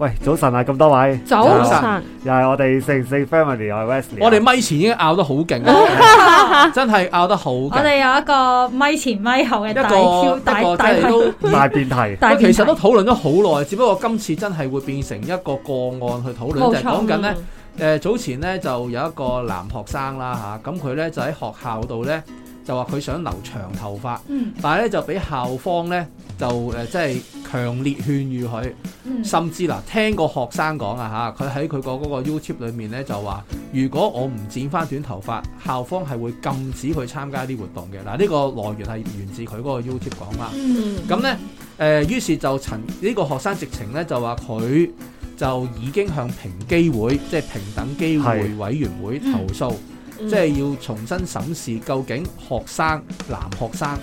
喂，早晨啊！咁多位，早晨，又係我哋四四 family，又係 Wesley。我哋咪前已經拗得好勁，真係拗得好勁。我哋有一個咪前咪後嘅大挑，大大都大變態。但係其實都討論咗好耐，只不過今次真係會變成一個個案去討論，就係講緊咧。誒，早前咧就有一個男學生啦吓，咁佢咧就喺學校度咧就話佢想留長頭髮，嗯，但係咧就俾校方咧就誒，即係。強烈勸喻佢，嗯、甚至嗱聽個學生講啊嚇，佢喺佢個嗰個 YouTube 裏面咧就話，如果我唔剪翻短頭髮，校方係會禁止佢參加啲活動嘅。嗱、啊、呢、呢個來源係源自佢嗰個 YouTube 講啦。咁咧誒，於是就陳呢、呢個學生直情咧就話佢就已經向平機會即係平等機會委員會投訴。即係要重新審視究竟學生男學生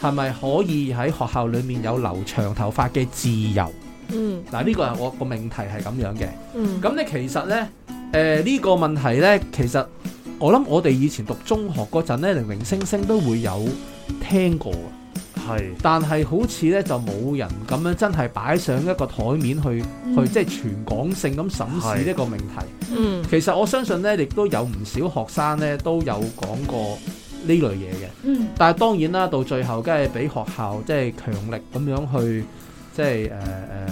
係咪可以喺學校裡面有留長頭髮嘅自由？嗯，嗱呢、呢個係、嗯、我個命題係咁樣嘅。嗯，咁咧其實咧，誒、呃、呢、呢個問題咧，其實我諗我哋以前讀中學嗰陣咧，零零星星都會有聽過。係，但係好似咧就冇人咁樣真係擺上一個台面去，嗯、去即係全港性咁審視呢個命題。嗯，其實我相信咧，亦都有唔少學生咧都有講過呢類嘢嘅。嗯，但係當然啦，到最後梗係俾學校即係、即係、強力咁樣去，即係誒誒，即、呃、係、呃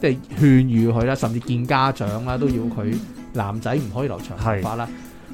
即係、勸喻佢啦，甚至見家長啦，都要佢男仔唔可以留長髮、嗯嗯嗯、啦。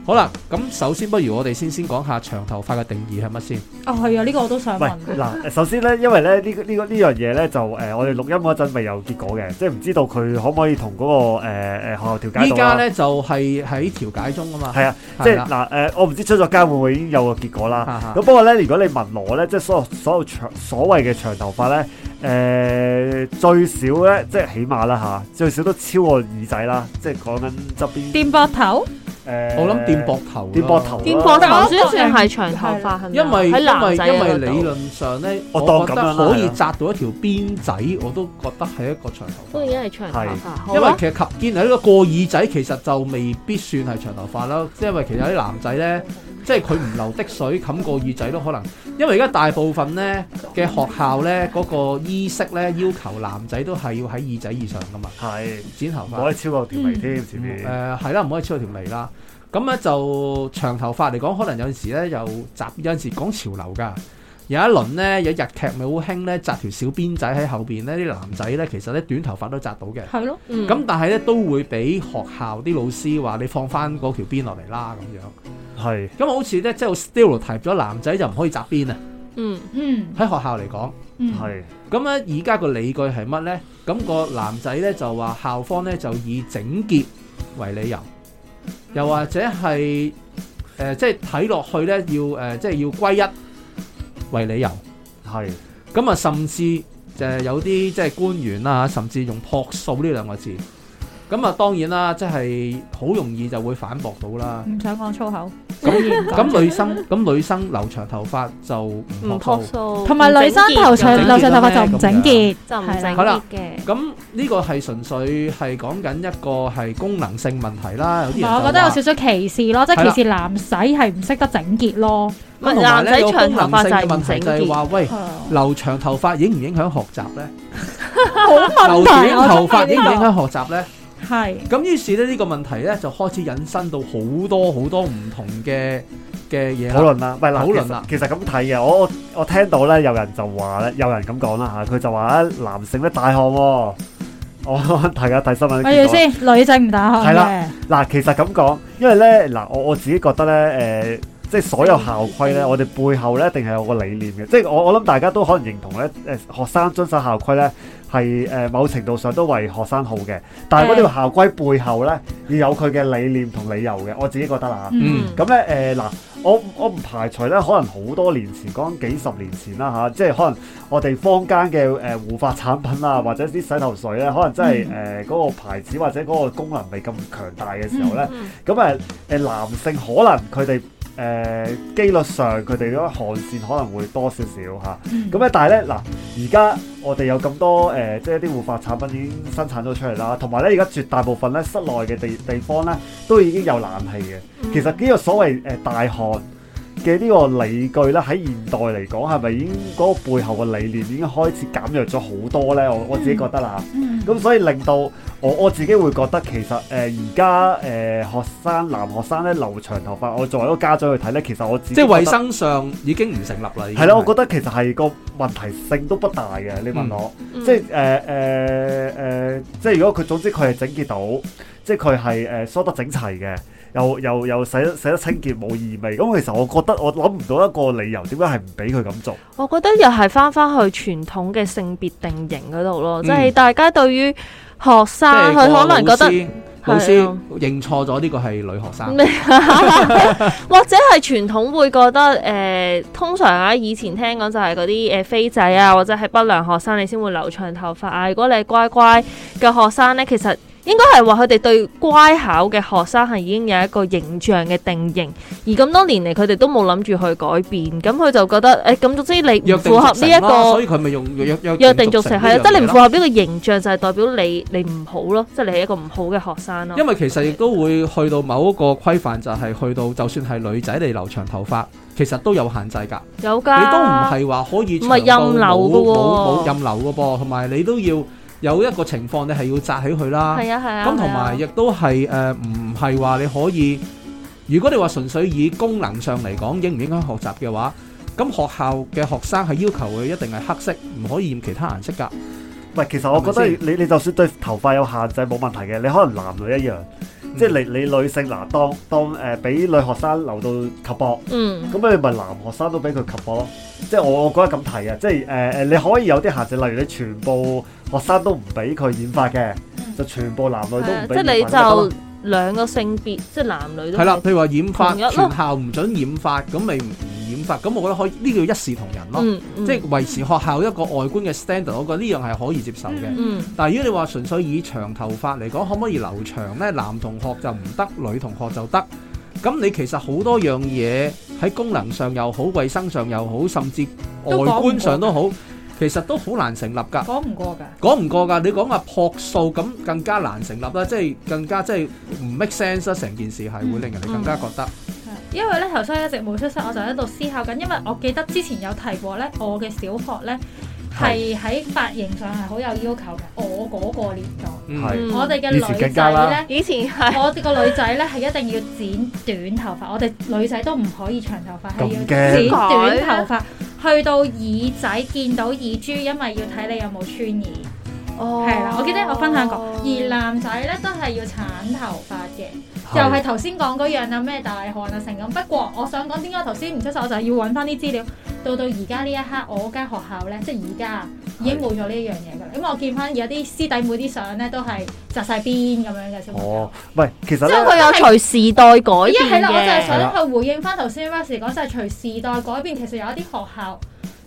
好啦，咁首先，不如我哋先先講下長頭髮嘅定義係乜先？哦，係啊，呢、這個我都想問。嗱，首先咧，因為咧呢、這個、這個這個這個、呢個呢樣嘢咧就誒、呃，我哋錄音嗰陣未有結果嘅，即係唔知道佢可唔可以同嗰、那個誒誒、呃、學校調解到依家咧就係喺調解中啊嘛。係啊，的即係嗱誒，我唔知出咗街會唔會已經有個結果啦。咁哈哈 不過咧，如果你問我咧，即係所有所有長所謂嘅長頭髮咧，誒、呃、最少咧，即係起碼啦吓，最少都超過耳仔啦，即係講緊側邊邊膊頭。誒，我諗掂膊頭，掂膊頭，掂膊頭算唔算係長頭髮？因為因為因為理論上咧，我覺得可以紮到一條辮仔，我都覺得係一個長頭髮。都係的因為長頭髮，因為其實及肩係一個過耳仔，其實就未必算係長頭髮啦。因為其實啲男仔咧。即係佢唔流滴水冚過耳仔都可能，因為而家大部分咧嘅學校咧嗰、那個衣飾咧要求男仔都係要喺耳仔以上噶嘛，係是剪頭髮唔可以超過條眉添，誒係啦，唔、嗯呃、可以超過條眉啦。咁咧就長頭髮嚟講，可能有陣時咧又雜，有陣時講潮流㗎。有一輪咧，有日劇咪好興咧，紮條小辮仔喺後邊咧，啲男仔咧其實咧短頭髮都紮到嘅。係咯，咁、嗯、但係咧都會俾學校啲老師話你放翻嗰條辮落嚟啦，咁樣。係是的，咁好似咧即係 stereotype 咗男仔就唔可以紮辮啊。嗯嗯，喺學校嚟講，係、嗯的。咁咧而家個理據係乜咧？咁、那個男仔咧就話校方咧就以整潔為理由，又或者係誒、呃、即係睇落去咧要誒、呃、即係要歸一。為理由，係咁啊，甚至就係、是、有啲即係官員啊，甚至用樸素呢兩個字。咁啊，當然啦，即係好容易就會反駁到啦。唔想講粗口。咁咁女生咁女生留長頭髮就唔妥。同埋女生頭長留長頭髮就唔整潔，就唔整潔嘅。咁呢個係純粹係講緊一個係功能性問題啦。我覺得有少少歧視咯，即係歧視男仔係唔識得整潔咯。男仔長頭髮就係問題。就係話喂，留長頭髮影唔影響學習咧？留短頭髮影唔影響學習咧？係，咁於是咧呢個問題咧就開始引申到好多好多唔同嘅嘅嘢討論啦，唔係嗱，討論啦。其實咁睇嘅，我我聽到咧有人就話咧，有人咁講啦嚇，佢就話咧男性咧大汗，我大家睇新聞。我意思女仔唔大汗。係啦，嗱，其實咁講，因為咧嗱，我我自己覺得咧，誒，即係所有校規咧，嗯、我哋背後咧一定係有個理念嘅，即係我我諗大家都可能認同咧，誒，學生遵守校規咧。係誒、呃、某程度上都為學生好嘅，但係嗰條校規背後咧要有佢嘅理念同理由嘅。我自己覺得啦，嗯，咁咧誒嗱，我我唔排除咧，可能好多年前，講幾十年前啦嚇，即係可能我哋坊間嘅誒護髮產品啊，或者啲洗頭水咧，可能真係誒嗰個牌子或者嗰個功能未咁強大嘅時候咧，咁誒誒男性可能佢哋。誒、呃、機率上，佢哋嗰汗腺可能會多少少嚇，咁、啊、咧但係咧嗱，而家我哋有咁多誒，即係一啲護髮產品已經生產咗出嚟啦，同埋咧而家絕大部分咧室內嘅地地方咧都已經有冷氣嘅，其實呢個所謂誒、呃、大汗。嘅呢個理據咧，喺現代嚟講，係咪已經嗰個背後嘅理念已經開始減弱咗好多咧？我我自己覺得啦。咁所以令到我我自己會覺得其實誒而家誒學生男學生咧留長頭髮，我作為一個家長去睇咧，其實我自己即係衞生上已經唔成立啦。係啦、啊，我覺得其實係個問題性都不大嘅。你問我，嗯、即係誒誒誒，即係如果佢總之佢係整潔到。即係佢係誒梳得整齊嘅，又又又洗得洗得清潔，冇異味。咁其實我覺得我諗唔到一個理由，點解係唔俾佢咁做？我覺得又係翻翻去傳統嘅性別定型嗰度咯，即係、嗯、大家對於學生，佢、嗯、可能覺得老師，老師認錯咗呢個係女學生，啊、 或者係傳統會覺得誒、呃，通常喺、啊、以前聽講就係嗰啲誒飛仔啊，或者係不良學生，你先會留長頭髮啊。如果你係乖乖嘅學生呢，其實～應該係話佢哋對乖巧嘅學生係已經有一個形象嘅定型，而咁多年嚟佢哋都冇諗住去改變，咁佢就覺得，誒咁總之你符合呢一個，所以佢咪用約約約定俗成，係啊，即係你唔符合呢個形象就係代表你你唔好咯，即係你係一個唔好嘅學生咯。因為其實亦都會去到某一個規範，就係去到就算係女仔嚟留長頭髮，其實都有限制㗎，有㗎，你都唔係話可以全部冇冇冇任留㗎噃，同埋你都要。有一個情況，你係要紮起佢啦。係啊係啊。咁同埋亦都係誒，唔係話你可以。如果你話純粹以功能上嚟講，影唔影響學習嘅話，咁學校嘅學生係要求佢一定係黑色，唔可以染其他顏色㗎。喂，其實我覺得你嗎你，你就算對頭髮有限制，冇問題嘅。你可能男女一樣。嗯、即係你你女性嗱、啊，當當誒俾、呃、女學生留到及膊，咁你咪男學生都俾佢及膊咯。即係我，我覺得咁提啊，即係誒誒，你可以有啲限制，例如你全部學生都唔俾佢染髮嘅，就全部男女都唔俾染髮、嗯、即係你就兩個性別，即係男女都係啦。譬如話染髮，全校唔准染髮，咁咪。染髮咁，我覺得可以，呢叫一視同仁咯，嗯嗯、即係維持學校一個外觀嘅 standard，我覺得呢樣係可以接受嘅。嗯嗯、但係如果你話純粹以長頭髮嚟講，可唔可以留長呢？男同學就唔得，女同學就得。咁你其實好多樣嘢喺功能上又好，衛生上又好，甚至外觀上都好，其實都好難成立㗎。講唔過㗎，講唔過㗎。你講吓樸素咁，更加難成立啦，即係更加即係唔 make sense 啦。成件事係會令人哋更加覺得、嗯。嗯因為咧頭先一直冇出聲，我就喺度思考緊。因為我記得之前有提過咧，我嘅小學咧係喺髮型上係好有要求嘅。我嗰個年代，是我哋嘅女仔咧，以前係我哋個女仔咧係一定要剪短頭髮， 我哋女仔都唔可以長頭髮，係要剪短頭髮，去到耳仔見到耳珠，因為要睇你有冇穿耳。哦，係啦，我記得我分享過。哦、而男仔咧都係要鏟頭髮嘅。又係頭先講嗰樣啦，咩大汗啊成咁。不過我想講，點解頭先唔出手，我就係要揾翻啲資料。到到而家呢一刻，我間學校咧，即係而家已經冇咗呢一樣嘢㗎。咁我見翻有啲師弟妹啲相咧，都係紮晒辮咁樣嘅。哦，唔係，其實咧，即係佢有隨時代改變嘅。一係啦，我就係想去回應翻頭先 Vincent 講就係、是、隨時代改變，其實有一啲學校。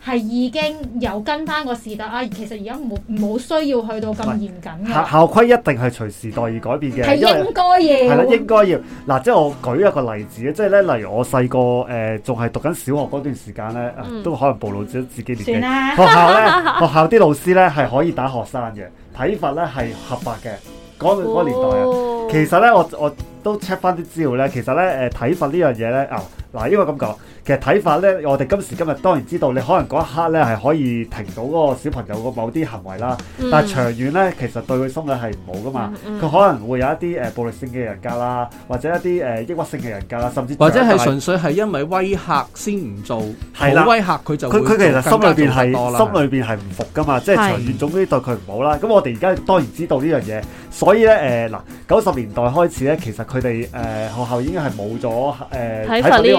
係已經有跟翻個時代啊！其實而家冇冇需要去到咁嚴謹嘅校規，一定係隨時代而改變嘅。係應該要係啦，應該要嗱。即係我舉一個例子即係咧，例如我細個誒仲係讀緊小學嗰段時間咧，嗯、都可能暴露咗自己年紀。了學校咧， 學校啲老師咧係可以打學生嘅體罰咧係合法嘅嗰、嗯、年代啊、哦。其實咧，我我都 check 翻啲資料咧，其實咧誒體罰呢樣嘢咧啊。嗱，因為咁講，其實睇法咧，我哋今時今日當然知道，你可能嗰一刻咧係可以停到嗰個小朋友個某啲行為啦，嗯、但係長遠咧，其實對佢心理係唔好噶嘛。佢、嗯嗯、可能會有一啲誒暴力性嘅人格啦，或者一啲誒、呃、抑鬱性嘅人格啦，甚至或者係純粹係因為威嚇先唔做，好的威嚇佢就佢佢其實心裏邊係的心裏邊係唔服噶嘛，即係長遠總之對佢唔好啦。咁我哋而家當然知道呢樣嘢，所以咧誒嗱，九、呃、十年代開始咧，其實佢哋誒學校已經係冇咗誒睇法呢。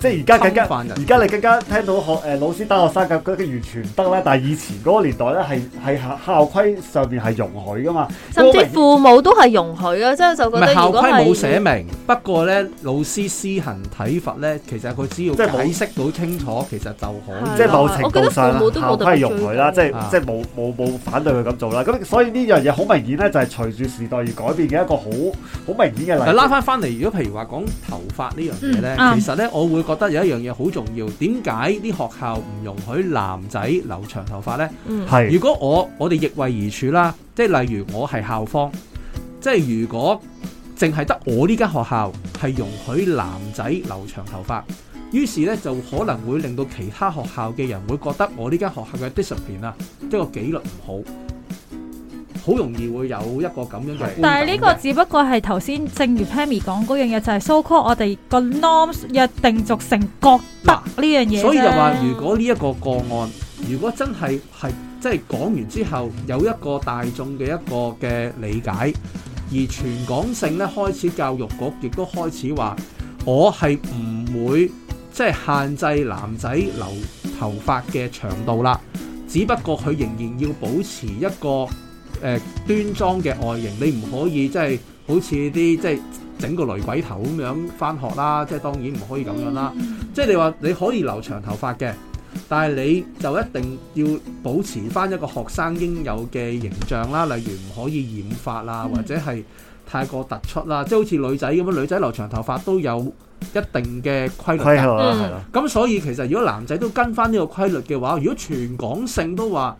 即係而家更加，而家你更加聽到學誒老師打學生嘅嗰啲完全唔得啦。但係以前嗰個年代咧係係校規上面係容許嘅嘛，甚至父母都係容許嘅，即係是就覺得如果。唔係校規冇寫明，不過咧老師施行體罰咧，其實佢只要即體識到清楚，其實就好。即係某程度上，校規容許啦、啊，即係即係冇冇冇反對佢咁做啦。咁所以呢樣嘢好明顯咧，就係隨住時代而改變嘅一個好好明顯嘅例。拉翻翻嚟，如果譬如話講頭髮呢樣嘢咧，嗯、其實咧我會。嗯覺得有一樣嘢好重要，點解啲學校唔容許男仔留長頭髮呢？係、嗯，如果我我哋逆位而處啦，即係例如我係校方，即係如果淨係得我呢間學校係容許男仔留長頭髮，於是呢，就可能會令到其他學校嘅人會覺得我呢間學校嘅 discipline 啊、嗯，即個紀律唔好。好容易會有一個咁樣嘅，但係呢個只不過係頭先正如 Pammy 講嗰樣嘢，就係、是 so、so-called 我哋個 norms 約定俗成覺得呢樣嘢，所以就話如果呢一個個案，如果真係係即係講完之後有一個大眾嘅一個嘅理解，而全港性咧開始教育局亦都開始話我係唔會即係、就是、限制男仔留頭髮嘅長度啦，只不過佢仍然要保持一個。誒、呃，端莊嘅外形，你唔可以即係好似啲即係整個雷鬼頭咁樣返學啦，即係當然唔可以咁樣啦。嗯、即係你話你可以留長頭髮嘅，但係你就一定要保持返一個學生應有嘅形象啦。例如唔可以染髮啦，嗯、或者係太過突出啦。即係好似女仔咁樣，女仔留長頭髮都有一定嘅規律。係咁，所以其實如果男仔都跟返呢個規律嘅話，如果全港性都話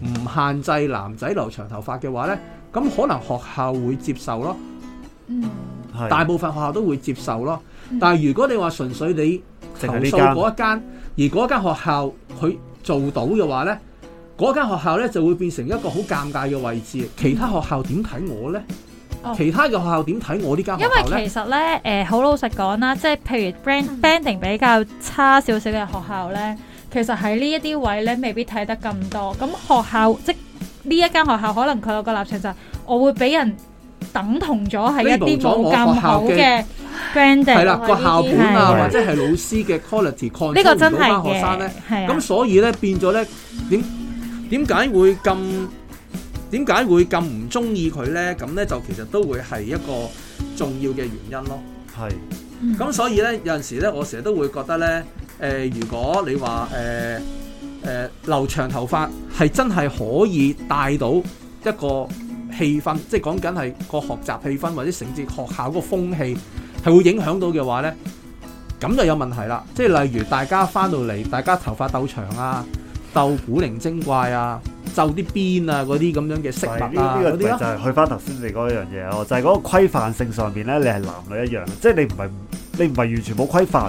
唔限制男仔留長頭髮嘅話呢，咁可能學校會接受咯。嗯，大部分學校都會接受咯。嗯、但係如果你話純粹你投訴嗰一間，而嗰間學校佢做到嘅話呢，嗰間學校呢就會變成一個好尷尬嘅位置。其他學校點睇我呢？哦、其他嘅學校點睇我呢間學校呢？因為其實呢，誒、呃，好老實講啦，即係譬如 branding 比較差少少嘅學校呢。其實喺呢一啲位咧，未必睇得咁多。咁學校即，呢一間學校，可能佢有個立場就係，我會俾人等同咗係一啲冇咁好嘅 branding，係啦，個校本啊，或者係老師嘅 quality，呢個真係學生咧。咁所以咧變咗咧，點點解會咁，點解會咁唔中意佢咧？咁咧就其實都會係一個重要嘅原因咯。係，咁所以咧有陣時咧，我成日都會覺得咧。誒、呃，如果你話誒誒留長頭髮係真係可以帶到一個氣氛，即係講緊係個學習氣氛或者甚至學校嗰個風氣係會影響到嘅話咧，咁就有問題啦。即係例如大家翻到嚟，大家頭髮鬥長啊，鬥古靈精怪啊，皺啲邊啊，嗰啲咁樣嘅色，啊，啲、這個、就係、是啊、去翻頭先你講一樣嘢咯，就係、是、嗰個規範性上邊咧，你係男女一樣，即、就、係、是、你唔係你唔係完全冇規範。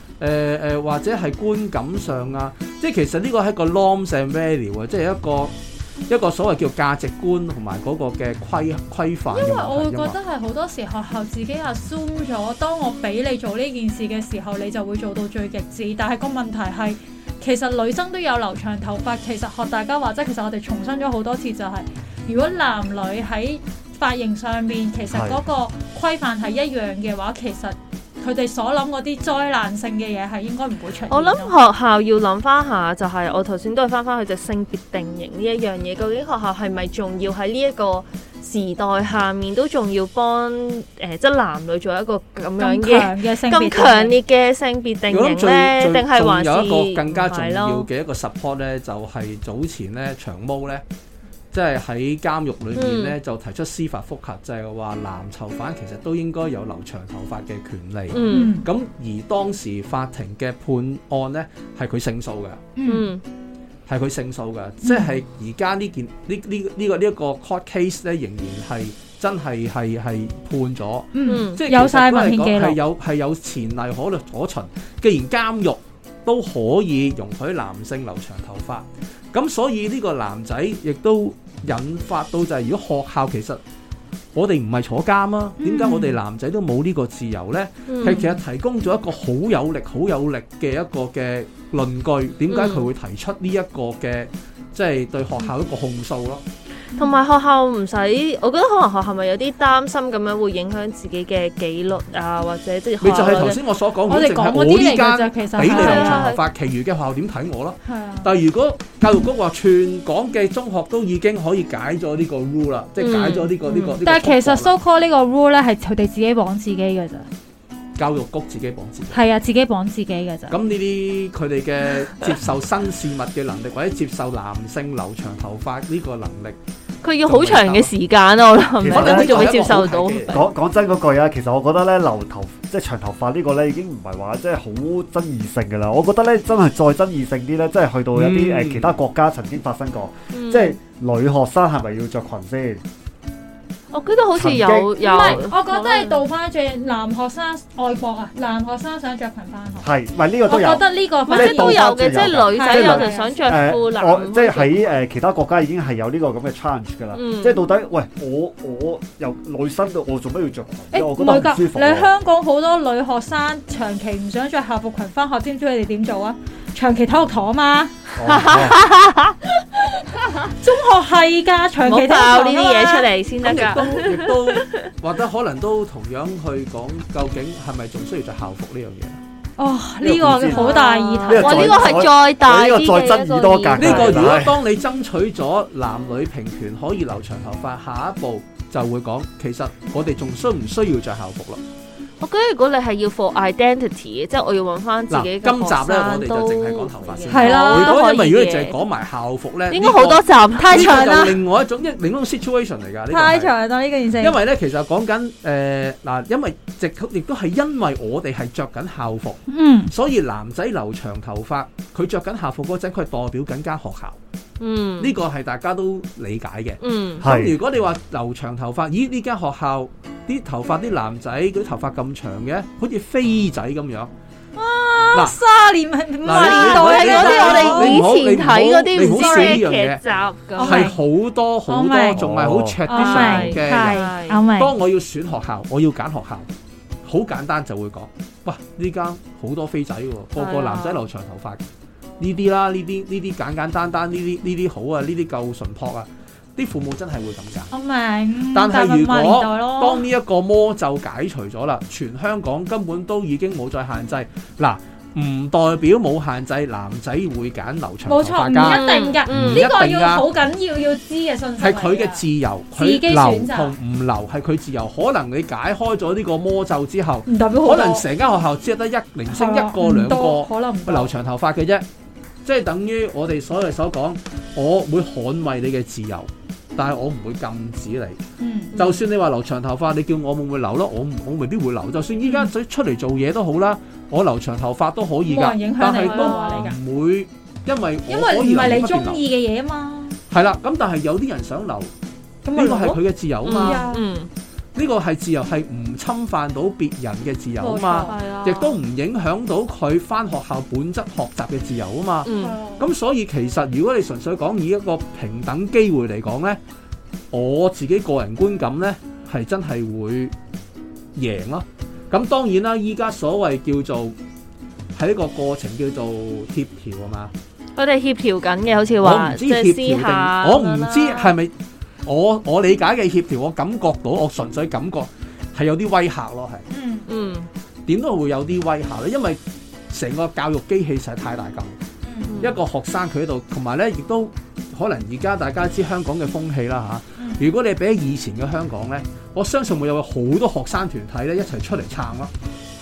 誒誒、呃，或者係觀感上啊，即係其實呢個係一個 norms and values 啊，即係一個一個所謂叫價值觀同埋嗰個嘅規規範。因為我會覺得係好多時學校自己 assume 咗，當我俾你做呢件事嘅時候，你就會做到最極致。但係個問題係，其實女生都有留長頭髮。其實學大家話，即係其實我哋重申咗好多次，就是，就係如果男女喺髮型上面，其實嗰個規範係一樣嘅話，的其實。佢哋所諗嗰啲災難性嘅嘢係應該唔會出現。我諗學校要諗翻下，就係我頭先都係翻翻去隻性別定型呢一樣嘢，究竟學校係咪仲要喺呢一個時代下面都仲要幫誒，即、呃、係、就係、男女做一個咁樣嘅、咁強烈嘅性別定型呢？定係仲有一個更加重要嘅一個 support 咧，是就係早前呢，長毛呢。即係喺監獄裏面咧，嗯、就提出司法複核，就係、是、話男囚犯其實都應該有留長頭髮嘅權利。咁、嗯、而當時法庭嘅判案咧，係佢勝訴嘅，係佢、嗯、勝訴嘅，嗯、即係而家呢件呢呢呢個呢一、呢個呢個 court case 咧，仍然係真係係係判咗。嗯、即係有曬判決係有係有前例可論可循。既然監獄都可以容許男性留長頭髮。咁所以呢個男仔亦都引發到就係如果學校其實我哋唔係坐監啊，點解、嗯、我哋男仔都冇呢個自由呢？佢、嗯、其實提供咗一個好有力、好有力嘅一個嘅論據，點解佢會提出呢一個嘅即係對學校一個控訴咯？嗯嗯同埋學校唔使，我覺得可能學校咪有啲擔心咁樣會影響自己嘅紀律啊，或者即係你就係頭先我所講淨係我呢間俾你留長頭髮，其，其餘嘅學校點睇我咯？啊、但係如果教育局話全港嘅中學都已經可以解咗呢個 rule 啦，嗯、即係解咗呢個呢個，嗯這個、但係其實 so called 呢個 rule 咧係佢哋自己綁自己嘅咋，教育局自己綁自己係啊，自己綁自己嘅咋。咁呢啲佢哋嘅接受新事物嘅能力， 或者接受男性留長頭髮呢個能力？佢要好長嘅時間咯、啊，我諗佢仲未接受到。講講真嗰句啊，其實我覺得咧留頭即係長頭髮呢個咧已經唔係話即係好爭議性㗎喇。我覺得咧真係再爭議性啲咧，即係去到一啲誒、呃、其他國家曾經發生過，嗯、即係女學生係咪要着裙先？我覺得好似有有，唔係，我覺得係倒翻轉男學生外國啊，男學生想着裙翻學係，唔係呢個我覺得呢個反正都有嘅，即係女仔有人想着褲，我即係喺誒其他國家已經係有呢個咁嘅 change 㗎啦。即係到底喂，我我由女生到我做乜要着？誒，女噶，你香港好多女學生長期唔想着校服裙翻學，知唔知佢哋點做啊？長期體育堂嘛， 中學係噶，長期爆呢啲嘢出嚟先得噶。 都都或者可能都同樣去講，究竟係咪仲需要着校服呢樣嘢？哦，呢個好大議題，呢、啊、個係再大呢個再爭議多格，格。呢個如果當你爭取咗男女平權可以留長頭髮，下一步就會講，其實我哋仲需唔需要着校服咯？我覺得如果你係要 for identity，即係我要揾翻自己，今集咧我哋就淨係講頭髮先。係啦，如果唔咪，如果你淨係講埋校服咧，應該好多集太長啦。另外一種另一種 situation 嚟㗎。太長啦，呢個意思，因為咧，其實講緊誒嗱，因為亦亦都係因為我哋係着緊校服，嗯，所以男仔留長頭髮，佢着緊校服嗰陣，佢代表緊間學校，嗯，呢個係大家都理解嘅，嗯。咁如果你話留長頭髮，咦？呢間學校。啲頭髮啲男仔嗰啲頭髮咁長嘅，好似飛仔咁樣。哇！嗱，卅年咪八年代係嗰啲我哋以前睇嗰啲唔知咩劇集噶，係好多好多，仲係好 short 啲長嘅。當我要選學校，我要揀學校，好簡單就會講，哇！呢間好多飛仔喎，個個男仔留長頭髮。呢啲啦，呢啲呢啲簡簡單單，呢啲呢啲好啊，呢啲夠純樸啊。啲父母真係會咁噶，我明。但係如果當呢一個魔咒解除咗啦，全香港根本都已經冇再限制，嗱，唔代表冇限制男，男仔會揀留長，冇錯，唔一定噶，呢、嗯、個要好緊要要知嘅信息係佢嘅自由，佢自己留同唔留係佢自由，可能你解開咗呢個魔咒之後，唔代表可能成間學校只係得一零星嗎一個兩個留長頭髮嘅啫，即係等於我哋所謂所講。 我會捍衛你嘅自由，但係我唔會禁止你。嗯，就算你話留長頭髮，你叫我會唔會留咯？我我未必會留。就算依家想出嚟做嘢都好啦，我留長頭髮都可以㗎。但係都唔會，因為因為唔係你中意嘅嘢啊嘛。係啦，咁但係有啲人想留，呢個係佢嘅自由啊嘛，嗯。嗯。呢個係自由，係唔侵犯到別人嘅自由啊嘛，冇錯，亦都唔影響到佢返學校本質學習嘅自由啊嘛。咁、嗯、所以其實如果你純粹講以一個平等機會嚟講呢，我自己個人觀感呢，係真係會贏咯、啊。咁當然啦，依家所謂叫做喺一個過程叫做協調啊嘛。我哋協調緊嘅，好似話即係私下，我唔知係咪。我我理解嘅協調，我感覺到，我純粹感覺係有啲威嚇咯，係、嗯。嗯嗯。點都會有啲威嚇咧，因為成個教育機器實在太大嚿。嗯、一個學生佢喺度，同埋咧亦都可能而家大家知香港嘅風氣啦嚇、啊。如果你比起以前嘅香港咧，我相信會有好多學生團體咧一齊出嚟撐咯。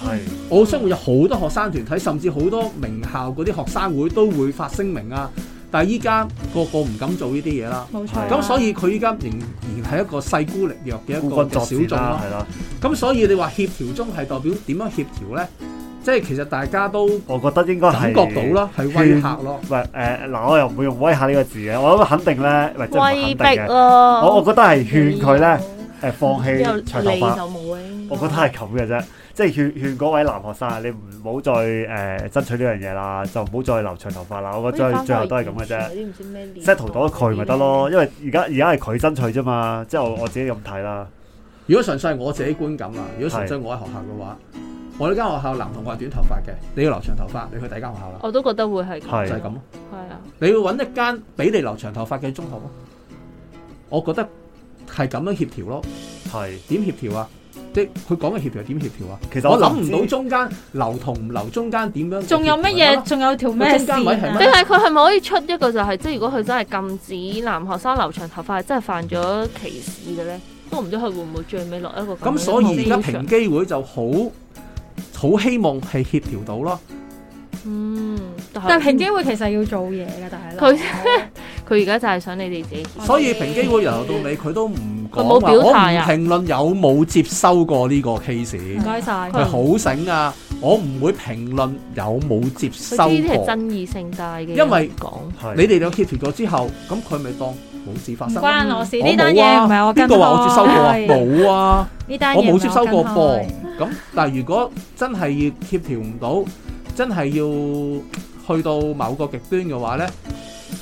係、嗯。我相信會有好多學生團體，甚至好多名校嗰啲學生會都會發聲明啊。但係依家個個唔敢做呢啲嘢啦，冇錯，咁所以佢依家仍然係一個勢孤力弱嘅一個小眾咯。咁所以你話協調中係代表點樣協調咧？即係其實大家都，我覺得應該感覺到啦，係威嚇咯。唔係嗱，我又唔會用威嚇呢個字嘅，我諗肯定咧，威逼咯。我我覺得係勸佢咧誒放棄長頭髮，我覺得係咁嘅啫。即係勸勸嗰位男學生，你唔好再誒、呃、爭取呢樣嘢啦，就唔好再留長頭髮啦。我覺得最最後都係咁嘅啫。即 e set 頭短咗佢咪得咯，因為而家而家係佢爭取啫嘛。即係我我自己咁睇啦。如果純粹係我自己觀感啊，如果純粹我喺學校嘅話，是我呢間學校男同學係短頭髮嘅，你要留長頭髮，你去第二間學校啦。我都覺得會係是就係咁咯，係啊。啊你要揾一間畀你留長頭髮嘅中學咯。我覺得係咁樣協調咯。係點是協，協調啊？即係佢講嘅協調係點協調啊？其實我諗唔到中間留同唔留中間點樣？仲有乜嘢？仲有條咩線？你睇佢係咪可以出一個就係即係？如果佢真係禁止男學生留長頭髮，真係犯咗歧視嘅咧？都唔知佢會唔會最尾落一個咁樣嘅結局。咁所以而家平機會就好好希望係協調到咯。嗯。但係平機會其實要做嘢㗎，但係佢佢而家就係想你哋自己。所以平機會由頭到尾，佢都唔講，我冇表態啊。我唔評論有冇接收過呢個 case，唔該晒。佢好醒啊，我唔會評論有冇接收過。呢啲係爭議性大嘅，因為講你哋有協調咗之後，咁佢咪當冇事發生。關我事，呢單嘢唔係我邊個話我接收過啊？冇啊，呢單嘢我冇接收過噃。咁但係如果真係要協調唔到，真係要。去到某個極端嘅話呢，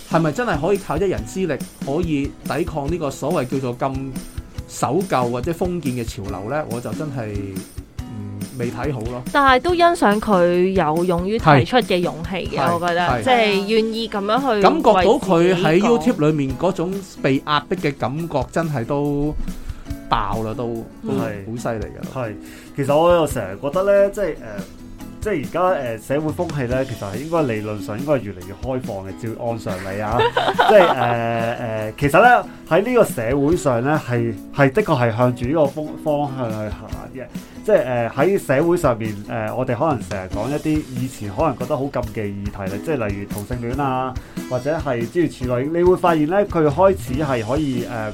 係咪真係可以靠一人之力可以抵抗呢個所謂叫做咁守舊或者封建嘅潮流呢？我就真係未睇好咯。但係都欣賞佢有勇於提出嘅勇氣嘅，我覺得即係願意咁樣去。感覺到佢喺 YouTube 裏面嗰種被壓迫嘅感覺，真係都爆啦，都都係好犀利㗎。係，其實我又成日覺得呢，即係誒。即係而家誒社會風氣咧，其實係應該理論上應該係越嚟越開放嘅，照按常理啊。即係誒誒，其實咧喺呢個社會上咧，係係的確係向住呢個風方向去行嘅。即係誒喺社會上邊誒、呃，我哋可能成日講一啲以前可能覺得好禁忌嘅議題咧，即係例如同性戀啊，或者係即係處女。你會發現咧佢開始係可以誒。呃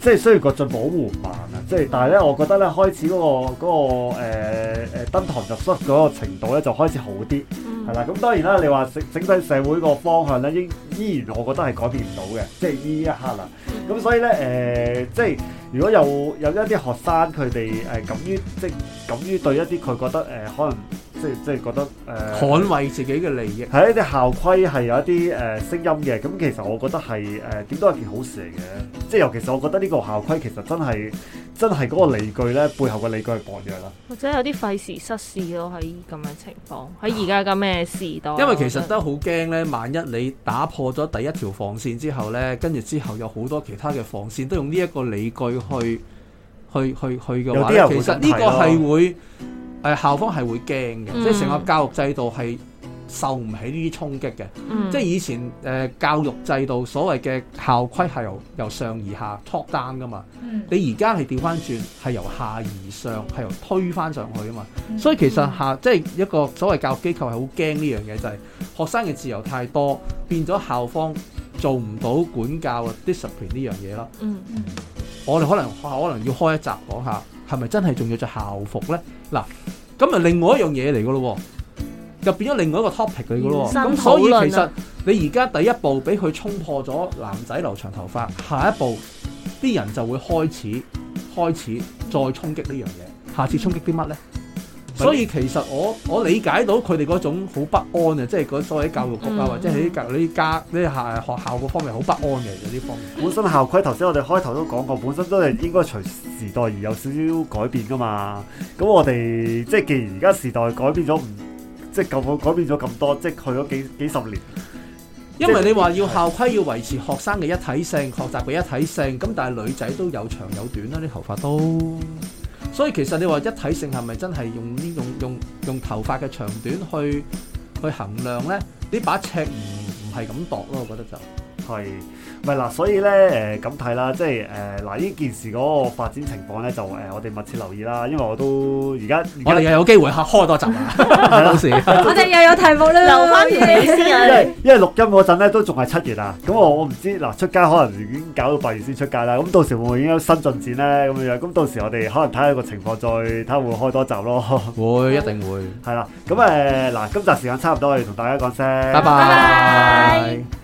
即係雖然個進步好緩慢啊，即係但係咧，我覺得咧開始嗰個嗰個誒誒登堂入室嗰個程度咧就開始好啲，係啦。咁當然啦，你話整整體社會個方向咧，依依然我覺得係改變唔到嘅，即係呢一刻啦。咁所以咧誒，即係如果有有一啲學生佢哋誒敢於即係敢於對一啲佢覺得誒可能。即即係覺得誒、呃、捍衞自己嘅利益，係，即校規係有一啲誒、呃、聲音嘅。咁其實我覺得係誒點都係件好事嚟嘅。即係尤其是我覺得呢個校規其實真係真係嗰個理據呢，背後嘅理據係薄弱啦。或者有啲費事失事咯，喺咁嘅情況喺而家嘅咩時代？因為其實都好驚呢，萬一你打破咗第一條防線之後呢，跟住之後有好多其他嘅防線都用呢一個理據去去去去嘅話，些其實呢這個係會。誒校方係會驚嘅，嗯、即係成個教育制度係受唔起呢啲衝擊嘅。嗯、即係以前誒、呃、教育制度，所謂嘅校規係由由上而下 top down 噶嘛。嗯、你而家係調翻轉，係由下而上，係由推翻上去啊嘛。嗯、所以其實下即係一個所謂教育機構係好驚呢樣嘢，就係學生嘅自由太多，變咗校方做唔到管教 discipline 呢樣嘢咯、嗯。嗯嗯，我哋可能可能要開一集講下。係咪真係仲要着校服咧？嗱，咁啊，另外一樣嘢嚟嘅咯，又變咗另外一個 topic 嚟嘅咯。咁所以其實你而家第一步俾佢衝破咗男仔留長頭髮，下一步啲人就會開始開始再衝擊呢樣嘢。下次衝擊啲乜咧？所以其實我我理解到佢哋嗰種好不安啊，即係所謂教育局啊，或者係隔籬家呢下學校嗰方面好不安嘅嗰啲方面。本身校規，頭先我哋開頭都講過，本身都係應該隨時代而有少少改變噶嘛。咁我哋即係既然而家時代改變咗，唔即係舊冇改變咗咁多，即係去咗幾幾十年。因為你話要校規要維持學生嘅一體性、學習嘅一體性，咁但係女仔都有長有短啦、啊，啲頭髮都。所以其實你話一體性係咪真係用呢種用用，用頭髮嘅長短去去衡量咧？呢把尺唔唔係咁度囉，我覺得就。係，咪嗱？所以咧，誒，咁睇啦，即係誒，嗱，呢件事嗰個發展情況咧，就誒，我哋密切留意啦。因為我都而家，我哋又有機會開多集啦，到時我哋又有題目咧，留翻嘢先。因為錄音嗰陣咧，都仲係七月啊。咁我我唔知嗱，出街可能已經搞到八月先出街啦。咁到時會唔會有新進展咧？咁樣咁到時我哋可能睇下個情況，再睇下會開多集咯。會，一定會。係啦，咁誒嗱，今集時間差唔多，要同大家講聲，拜拜。